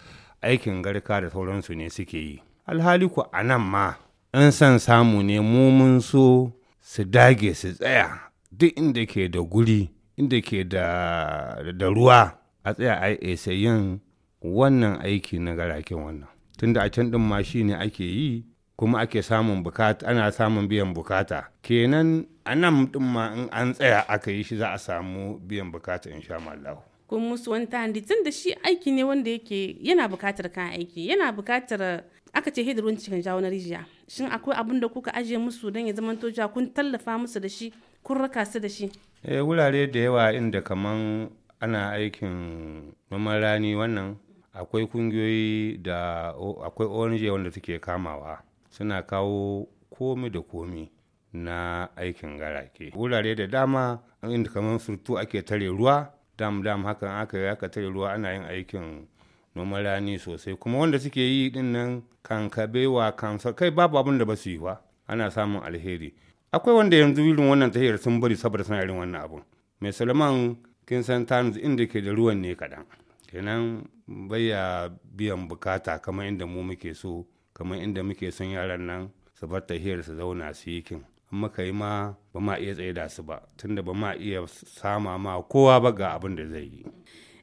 aikin garka da sauransu ne suke yi alhali ku a nan ma in san samu ne mu mun so su dage su tsaya duk inda ke da guri inda ke da ruwa a tsaya a yin wannan aiki na garaken wannan tunda a can ɗin ma shi ne ake yi kuma ake samun bukata ana samun biyan bukata kenan a nan ɗin ma in an tsaya aka yi shi za a samu biyan bukata in sha mallahu kun musu wani tahandi tun da shi aiki ne wanda yake yana bukatar kan aiki yana bukatar aka ce hidirun cikin jawo na rijiya shin akwai abin da kuka ajiye musu don ya zama toja kun tallafa musu da shi kun raka su da shi eh, wurare da yawa inda kaman ana aikin noman rani wannan akwai kungiyoyi da akwai ONG wanda suke kamawa suna kawo komi da komi na aikin garake wurare da dama inda kamar surtu ake tare ruwa dam dam hakan aka yi aka tare ruwa ana yin aikin noman rani sosai kuma wanda suke yi din nan kankabewa kansa kai babu abin da ba su yi ba ana samun alheri akwai wanda yanzu irin wannan tahiyar sun bari saboda suna irin wannan abun mai salaman kin san inda ke da ruwan ne kaɗan kenan baya biyan bukata kamar inda mu muke so kamar inda muke son yaran nan su bar tahiyar su zauna su yi kin muka yi ma ba ma iya tsaye da su ba tunda ba ma iya sama ma kowa ba ga abin da zai yi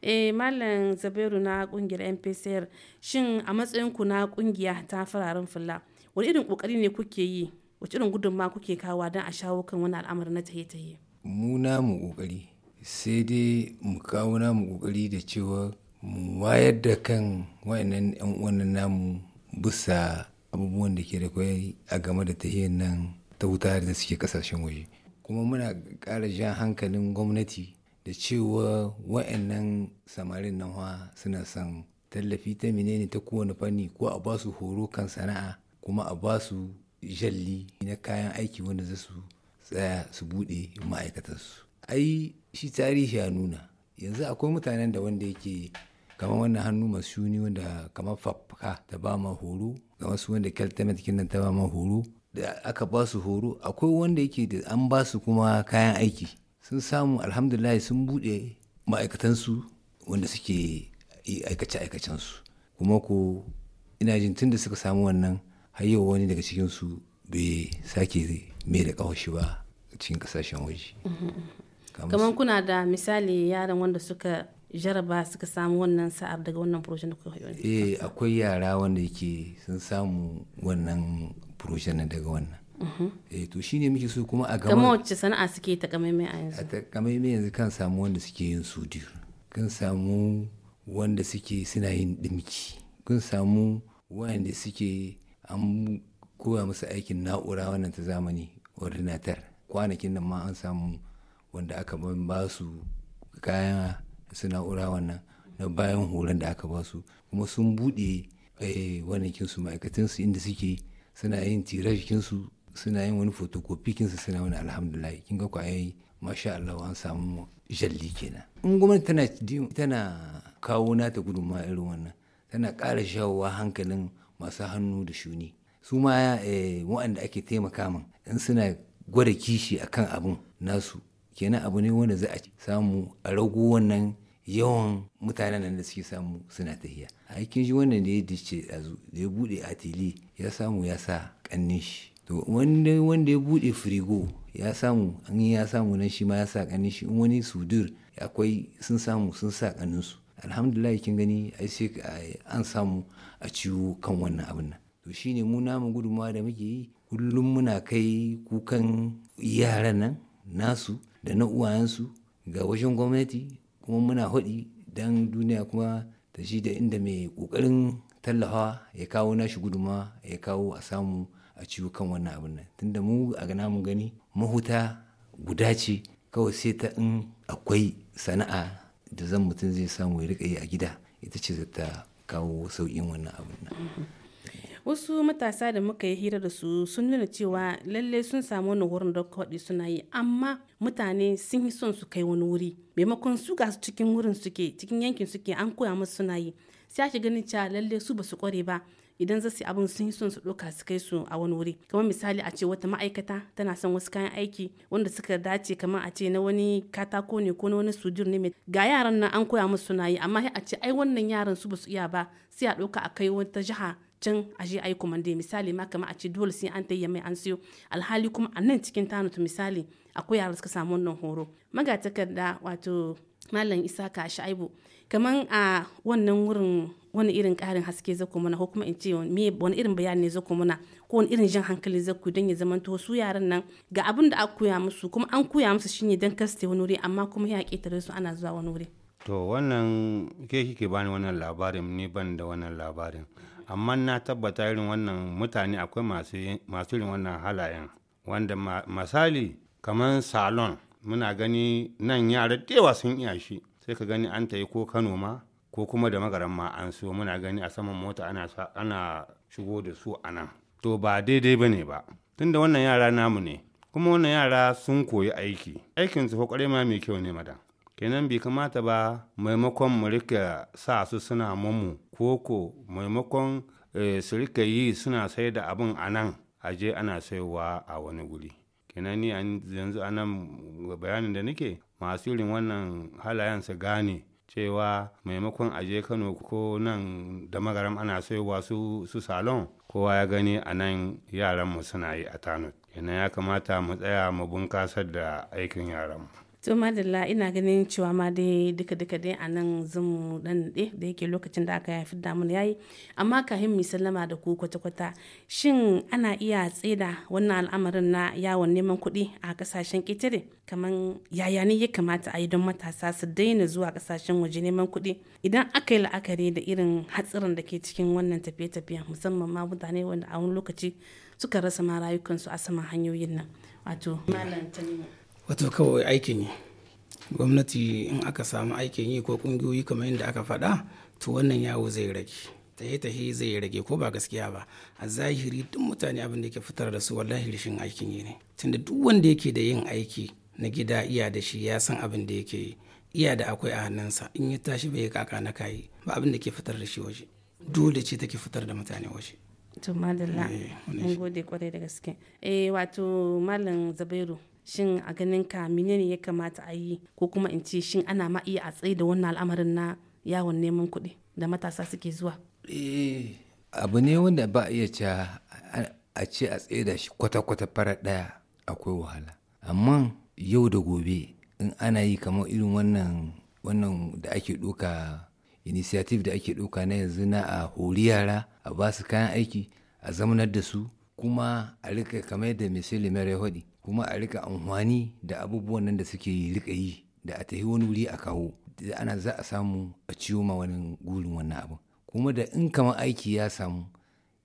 eh malam zabiru na kungiyar mpcr shin a matsayin ku na kungiya ta fararen fulla wani irin kokari ne kuke yi wace irin gudunmawa kuke kawo don a shawo kan wani al'amari na taye-taye mu namu kokari sai dai mu kawo namu kokari da cewa mu wayar da kan wayannan yan uwan namu bisa abubuwan da ke da kwai a game da tahiyar nan ta wuta da suke kasashen waje kuma muna ƙara jan hankalin gwamnati da cewa wayannan samarin nan suna son tallafi ta menene ta kowane fanni ko a ba su horo kan sana'a kuma a ba su jalli na kayan aiki wanda za su tsaya su buɗe ma'aikatarsu ai shi tarihi ya nuna yanzu akwai mutanen da wanda yake kamar wannan hannu masu ni wanda kamar fafka ta ba ma horo ga wasu wanda keltemet kinan ta ba ma horo da aka ba su horo akwai wanda yake da an ba su kuma kayan aiki sun samu alhamdulillah sun bude ma'aikatansu wanda suke aikace aikacensu kuma ko ina jin tun da suka samu wannan har yau wani daga cikin su bai sake mai da kawashi ba cikin kasashen waje mm-hmm. kamar kuna da misali yaran wanda suka jaraba suka samu wannan sa'ar daga wannan proje da kuka eh akwai yara wanda yake sun samu wannan proje daga wannan mhm. eh to shine muke so kuma a gama wacce sana'a suke ta kamaimai a yanzu ta kamaimai yanzu kan samu wanda suke yin sudiyo kan samu wanda suke suna yin dimki kun samu wanda suke an koya musu aikin na'ura wannan ta zamani ordinatar kwanakin nan ma an samu wanda aka ba su kayan su na'ura wannan na bayan horon da aka ba su kuma sun buɗe eh, wannan su ma'aikatansu inda suke suna yin tirajikin su suna yin wani fotokofi kinsu suna wani alhamdulahi kin ga kwayayi masha Allah an samu jalli kenan in gwamnati tana tana kawo nata gudunmawa irin wannan tana ƙara shawowa hankalin masu hannu da shuni su ma eh, waɗanda ake taimaka min in suna gwada kishi akan abun nasu kenan abu ne wanda za a samu a ragu wannan yawan mutanen nan da suke samu suna tahiya aikin shi wannan da ya dace ɗazu da ya buɗe atili ya samu ya sa kannin shi to wanda ya buɗe firigo ya samu an ya samu nan shi ma ya sa kannin shi in wani sudur akwai sun samu sun sa kannin su alhamdulillah kin gani ai sai an samu a ciwo kan wannan abin nan to shine mu namu gudunmawa da muke yi kullum muna kai kukan yaran nan nasu da na uwayensu ga wajen gwamnati kuma muna haɗi don duniya kuma ta shi da inda mai ƙoƙarin tallafa ya kawo nashi guduma ya kawo a samu a ciwo kan wannan abin nan tunda mu a gana mu gani mahuta guda ce kawai sai ta in akwai sana'a da zan mutum zai samu ya riƙa yi a gida ita ce ta kawo sauƙin wannan abin nan. wasu matasa da muka yi hira da su sun nuna cewa lalle sun samu wani wurin da kwaɗi suna yi amma mutane sun yi son su kai wani wuri maimakon su ga su cikin wurin suke cikin yankin suke an koya musu suna yi sai ake ganin cewa lalle su basu kware ba idan zasu abin sun yi son su ɗauka su kai su a wani wuri kamar misali a ce wata ma'aikata tana son wasu kayan aiki wanda suka dace kamar a ce na wani katako ne ko na wani sudur ne ga yaran nan an koya musu suna yi amma sai a ce ai wannan yaran su basu iya ba sai a ɗauka a kai wata jiha can a je a yi kumande misali ma kama a ce dole sai an ta mai an siyo alhali kuma a nan cikin tanut misali akwai yara suka samu wannan horo magatakarda wato malam isaka sha'ibu kaman a wannan wurin wani irin karin haske za ku mana ko kuma in ce wani irin bayani ne za ku mana ko wani irin jan hankali za ku don ya zama to su yaran nan ga abin da aka koya musu kuma an koya musu shine don kar wani wuri amma kuma ya ketare su ana zuwa wani wuri to wannan ke kike bani wannan labarin ni ban da wannan labarin amma na tabbata irin wannan mutane akwai masu irin wannan halayen wanda misali kamar salon muna gani nan yara dewa sun iya shi sai ka gani an ta yi ko kano ma ko kuma da magaran ma an so muna gani a saman mota ana shigo da su a nan to ba daidai ba ne ba tunda wannan yara namu ne kuma wannan yara sun koyi aiki aikinsu su kwarai ma mai kyau ne madan kenan bai kamata ba maimakon mu rika sa su suna mamu koko maimakon eh, su rika yi suna sai da abin a nan aje ana saiwa a wani guri kenan ni yanzu a nan bayanin da nake masu irin wannan halayen su gane cewa maimakon aje kano ko nan da magaram ana saiwa su, su salon kowa ya gani a nan yaranmu suna yi a tanut kenan ya kamata mu tsaya mu bunkasar da aikin yaranmu to madalla ina ganin cewa ma dai duka duka dai a nan zamu dan da yake lokacin da aka yafi damuna yayi amma kahin mu sallama da ku kwata kwata shin ana iya tseda wannan al'amarin na yawon neman kuɗi a kasashen ƙetare kamar yaya ne ya kamata a yi don matasa su daina zuwa kasashen waje neman kuɗi idan aka yi la'akari da irin hatsarin da ke cikin wannan tafiye-tafiyen musamman ma mutane wanda a wani lokaci suka rasa ma rayukansu a saman hanyoyin nan wato wato kawai aikin yi gwamnati in aka samu aikin yi ko kungiyoyi kamar yadda aka faɗa to wannan yawo zai rage tahe-tahe zai rage ko ba gaskiya ba a zahiri duk mutane abin da ke fitar da su wallahi rashin aikin yi ne tunda duk wanda yake da yin aiki na gida iya da shi ya san abin da yake yi iya da akwai a hannunsa in ya tashi bai kaka na kayi ba abin da ke fitar da shi waje dole ce take fitar da mutane waje to madalla eh, mun gode kwarai da gaske eh wato malam zabairu shin a ganin ka menene ya kamata a yi ko kuma in ce shin ana ma iya a tsaye da wannan al'amarin na yawon neman kuɗi da matasa suke zuwa eh abu ne wanda ba iya ca a ce a tsaye da shi kwata-kwata farar ɗaya akwai wahala amma yau da gobe in ana yi kamar irin wannan wannan da ake doka initiative da ake ɗoka na yanzu na a hori yara a ba su kayan aiki a zamanar da su kuma a rika kamar da misali mai rai kuma a rika amfani da abubuwan nan da suke rika yi da a tafi wani wuri a kawo da ana za a samu a ciwo ma wani gurin wannan abu kuma da in kamar aiki ya samu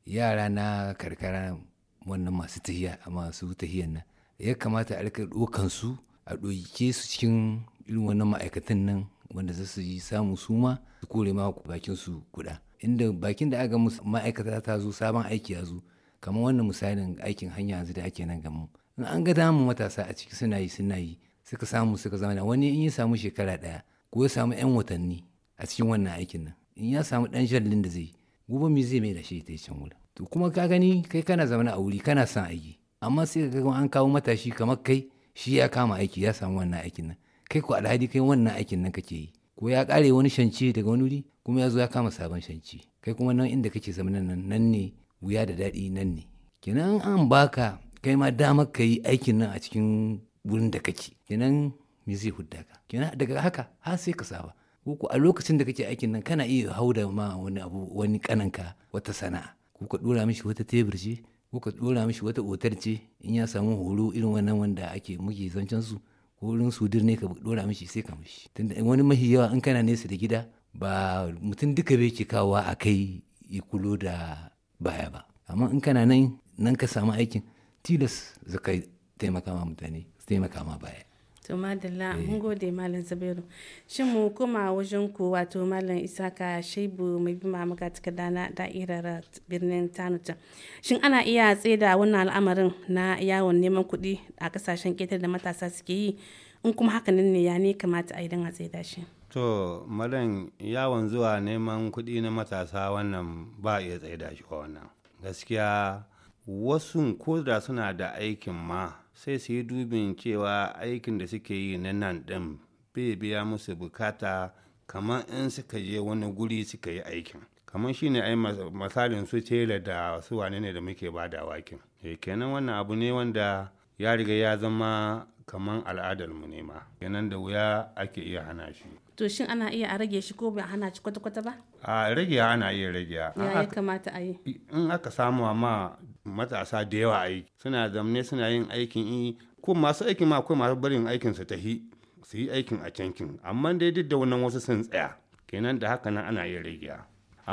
yara na karkara wannan masu tahiya a masu tahiyan nan ya kamata a rika ɗokan su a ɗoke su cikin irin wannan ma'aikatan nan wanda za su yi samu su ma su kore ma bakin su kuɗa inda bakin da aka musu ma'aikata ta zo sabon aiki ya zo kamar wannan misalin aikin hanya yanzu da ake nan mu in an ga damu matasa a ciki suna yi suna yi suka samu suka zama wani in ya samu shekara daya ko ya samu 'yan watanni a cikin wannan aikin nan in ya samu dan jallin da zai gobe mi zai mai da shi ta yi wurin to kuma ka gani kai kana zama a wuri kana son aiki amma sai ka an kawo matashi kamar kai shi ya kama aiki ya samu wannan aikin nan kai ko alhali kai wannan aikin nan kake yi ko ya kare wani shanci daga wani wuri kuma ya zo ya kama sabon shanci kai kuma nan inda kake zama nan nan ne wuya da daɗi nan ne kinan an baka kai ma damar ka yi aikin nan a cikin wurin da kake kinan me zai hudda ka kinan daga haka har sai ka saba ko a lokacin da kake aikin nan kana iya hauda ma wani abu wani kananka wata sana'a ko ka dora mishi wata tebur ce ko ka dora mishi wata otar ce in ya samu horo irin wannan wanda ake muke zancen su ko wurin sudir ne ka dora mishi sai ka mishi tunda wani mahi yawa in kana nesa da gida ba mutum duka bai ke kawowa a kai ya da baya ba amma in kana nan nan ka samu aikin tilas za ka taimaka ma mutane taimaka ma baya to madalla eh. mun gode malam zabiru shin mu kuma wajen ku wato malam isaka shaibu mai bi mamaka takarda na da'irar birnin tanuta shin ana iya tsaida wannan al'amarin na yawon neman kuɗi a kasashen ƙetare da matasa suke yi in kuma hakanin ne ya ne kamata a idan a tsaida shi To, madan yawon zuwa neman kuɗi na matasa wannan ba iya tsaida shi wannan. Gaskiya wasu ko da suna da aikin ma sai su yi dubin cewa aikin da suke yi na nan din, bai biya musu bukata kamar in suka je wani guri suka yi aikin. kamar shi ne ai misalin su tela da su wane ne da muke ba da wakin e eh, kenan wannan abu ne wanda ya riga ya zama kamar al'adarmu mu ne ma kenan da wuya ake iya hana shi to shin ana iya a rage shi ko ba hana shi kwata-kwata ba a rage ana iya rage ya ya kamata a yi in aka samu ma matasa da yawa aiki suna zamne suna yin aikin yi ko masu aikin ma akwai masu barin aikin su su yi aikin a cankin amma dai duk da wannan wasu sun tsaya kenan da haka nan ana iya rage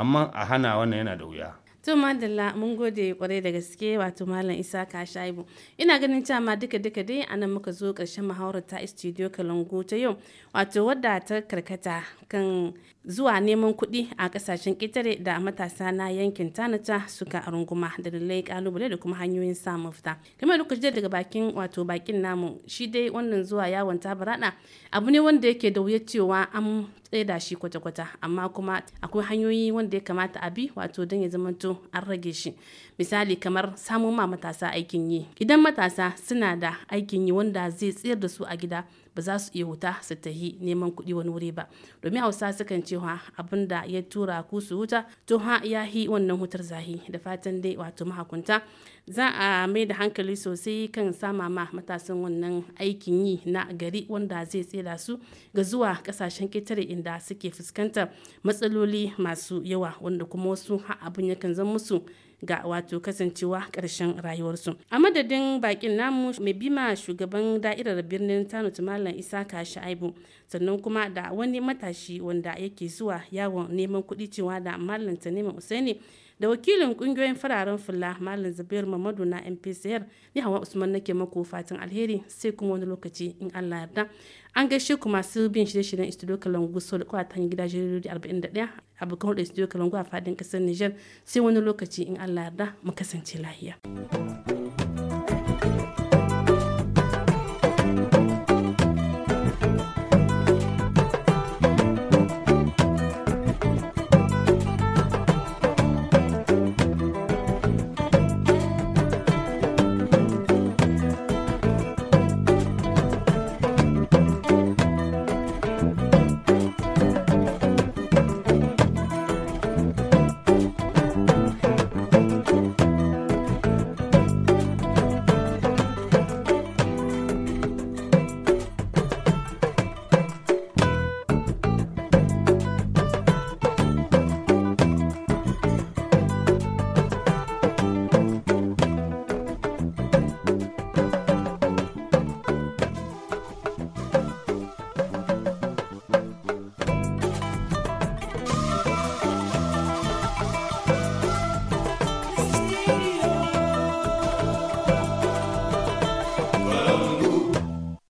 amma a hana wannan yana da wuya to madalla mun gode kwarai da gaske wato malam isa ka shaibu ina ganin cewa ma duka duka dai anan muka zo karshen muhawarar ta studio kalangu ta yau wato wadda ta karkata kan zuwa neman kuɗi a ƙasashen ƙetare da matasa na yankin tanata suka runguma da dalilai kalubale da kuma hanyoyin samun fita kamar da kujerar daga bakin wato bakin namu shi dai wannan zuwa yawon barada abu ne wanda yake da wuya cewa an da shi kwata-kwata amma kuma akwai hanyoyi wanda ya kamata a bi wato don ya zama zamanto an rage shi misali kamar samun ma matasa aikin yi idan matasa suna da aikin yi wanda zai tsayar da su a gida ba za su iya wuta su tahi neman kuɗi wani wuri ba domin hausa sukan cewa abin da ya tura ku su wuta to ha ya hi wannan hutar zahi da fatan dai wato mahakunta za a mai da hankali sosai kan sama ma matasan wannan aikin yi na gari wanda zai tsira su ga zuwa kasashen ketare inda suke fuskantar matsaloli masu yawa wanda kuma wasu abin yakan zan musu ga wato kasancewa ƙarshen rayuwarsu a madadin bakin namu mai bima shugaban da'irar birnin tano tumalan isa ka sha'aibu sannan kuma da wani matashi wanda yake zuwa yawon neman kuɗi cewa da mallanta neman usaini da wakilin kungiyoyin fararen fula malam zubair mamadu na mpcr ni hawa usman nake mako fatan alheri sai kuma wani lokaci in allah yarda an gaishe ku masu bin shirye-shiryen studio kalangu sau da kwa ta hanyar gidajen rediyo 41 abokan hudu studio kalangu a fadin kasar niger sai wani lokaci in allah yarda mu kasance lahiya.